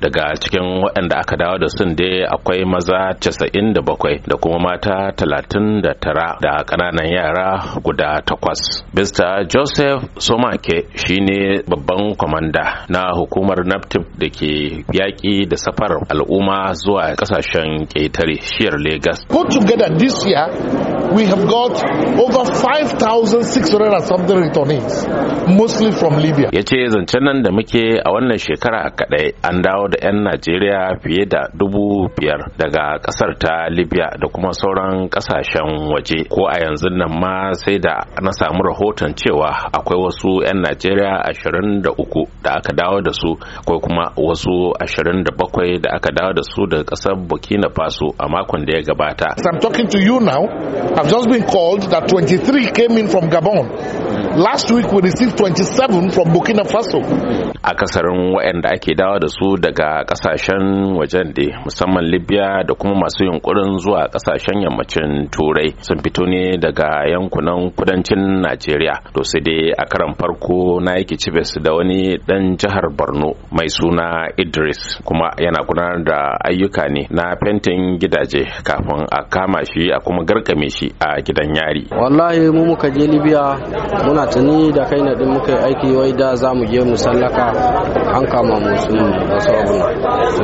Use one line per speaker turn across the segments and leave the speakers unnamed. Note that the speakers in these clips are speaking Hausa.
daga cikin waɗanda aka dawo da sun dai akwai maza 97 da kuma mata 39 da ƙananan yara guda takwas. Mr. Joseph Somake shine babban kwamanda na hukumar NAPTIP da ke yaƙi da safar al'umma zuwa ƙasashen ƙetare shiyar Legas.
Put together
this year we have got over 5,600 and something returnees, mostly from Libya. Ya ce zancen nan da muke a wannan shekara kaɗai an dawo da 'yan Najeriya fiye da dubu biyar daga ƙasar ta Libya da kuma sauran ƙasashen waje. Ko a yanzu nan ma sai da na samu rahoton cewa akwai wasu 'yan Najeriya 23 da aka dawo da su, akwai kuma wasu 27 da aka dawo da su daga ƙasar Burkina Faso a makon da ya gabata. I'm talking to you now. I've just been called that 23 came in from Gabon last week we received 27 from burkina faso A akasarin waɗanda ake dawo da su daga kasashen wajen da musamman libya da kuma masu yunkurin zuwa kasashen yammacin turai sun fito ne daga yankunan kudancin najeriya to sai dai a karan farko na yake cibes da wani dan jihar borno mai suna idris kuma yana gudanar da ayyuka ne na fentin gidaje kafin a kama shi a kuma garkame shi a gidan yari
wallahi mu muka je libya muna tuni da kai na din muka yi aiki wai da za mu je mu sallaka an kama mu su da su abuna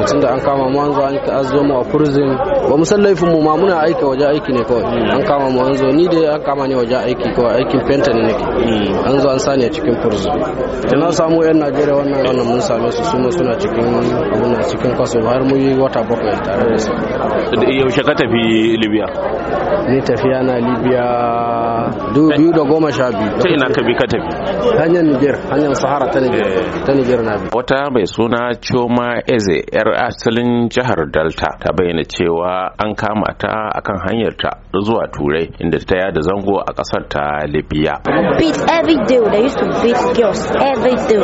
tun da an kama mu an zo an ta azo mu a prison ba mu san laifin mu ma muna aika waje aiki ne kawai hmm. an kama mu an zo ni dai an kama ne waje aiki kawai aikin fenta ne nake hmm. an zo an sani a cikin prison to na samu yan Najeriya wannan wannan mun same su su suna cikin abuna cikin kwaso har mu yi wata bakwai tare da su
da yaushe ka tafi Libya
ni tafiya na libya 2012 da goma sha biyu ta ina ka bi ka tafi hanyar niger hanyar sahara ta niger eh. ta niger na bi
wata mai suna choma eze yar asalin jihar delta ta bayyana cewa an kama ta akan hanyar ta zuwa turai inda ta yada zango a kasar ta libya
beat every day they used to beat girls every day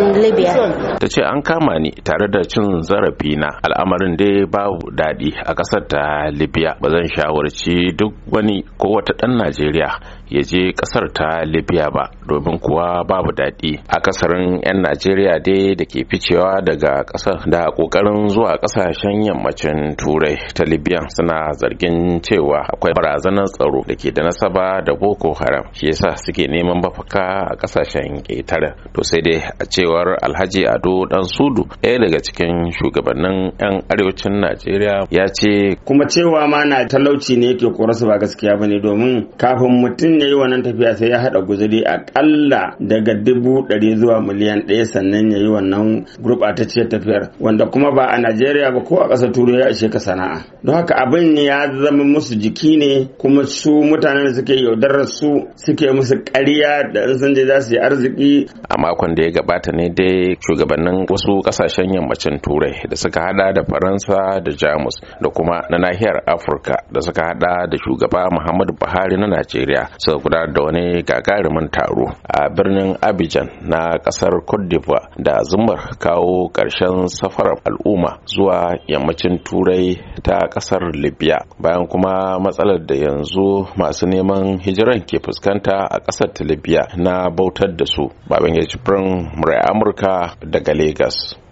in libya
ta ce an kama ni tare da cin zarafi na al'amarin dai babu daɗi a kasar ta libya ba zan shawar ce duk wani kowata wata ɗan Najeriya ya je kasar ta libya ba domin kuwa babu daɗi a kasarin 'yan najeriya dai da ke ficewa daga kasar da ƙoƙarin zuwa ƙasashen yammacin turai ta libya suna zargin cewa akwai barazanar tsaro da ke da nasaba da boko haram shi yasa suke neman bafaka a ƙasashen ƙetare to sai dai a cewar alhaji ado dan sudu ɗaya daga cikin shugabannin 'yan arewacin najeriya ya ce kuma cewa ma na talauci ne ke korarsa ba gaskiya ba ne domin kafin mutum ya yi wannan tafiya sai ya haɗa guzuri ƙalla daga dubu ɗari zuwa miliyan ɗaya sannan ya yi wannan gurɓatacciyar tafiyar wanda kuma ba a Najeriya ba ko a ƙasar Turai ya ishe ka sana'a. Don haka abin ya zama musu jiki ne kuma su mutanen da suke yaudarar su suke musu ƙarya da in
sun je za su yi arziki.
A makon da ya gabata ne dai shugabannin wasu ƙasashen yammacin Turai da suka hada da Faransa da Jamus da kuma na nahiyar Afirka da suka hada da shugaba Muhammadu Buhari na Najeriya suka guda da wani gagarumin taro a birnin Abidjan na kasar Cote d'Ivoire da zumar kawo ƙarshen safarar al'umma zuwa yammacin Turai ta kasar Libya bayan kuma matsalar da yanzu masu neman hijiran ke fuskanta a kasar ta Libya na bautar da su. babin Jibrin Murai Amurka daga Legas.